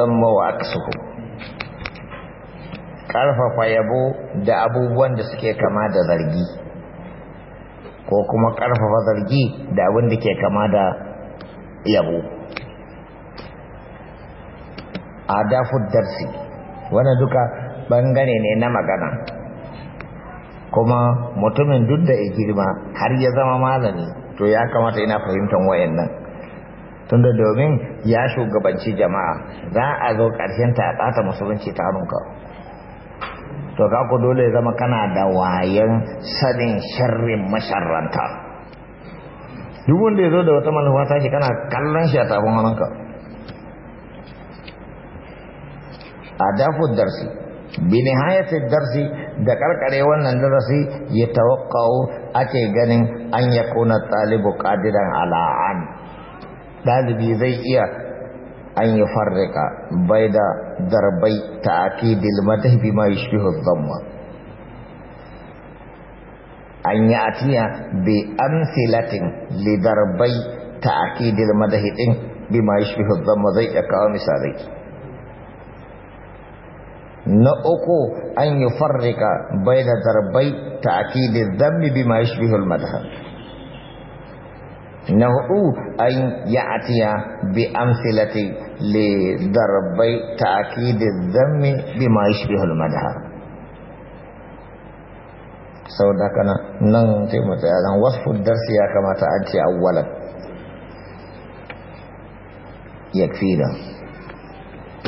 samma wa aksuhu ƙarfafa yabo da abubuwan da suke kama da zargi ko kuma ƙarfafa zargi da abin da ke kama da yabo a dafud darsi wannan duka bangare ne na magana kuma mutumin duk da ya girma har ya zama malami to ya kamata ina fahimtar wayannan tunda domin ya shugabanci jama'a za a zo ƙarshen ta tsata musulunci ta hannunka to ka ku dole zama kana da wayan sanin sharrin masharranta duk wanda ya zo da wata manufa tashi kana kallon shi a tafin hannunka a dafu darsi darsi da karkare wannan darasi ya يتوقع ake ganin an ya kuna talibu على ala'an ɗalibi zai iya an yi farrika bai da darbai ta ake dilmata madahbi ma yi shi zamma an yi atiya bi li darbai ta akidil madahi ɗin bi ma yi shi zamma zai iya kawo misalai na uku an yi farrika bai da darbai ta ake dilmata bi ma yi shi madahbi na hudu an atiya bi amsilati li darbai ta'kid zanmi bi ma yashbihu al-madhhar saboda kana nan sai mu tsaya nan wasfu darsi ya kamata an ce awwalan yakfina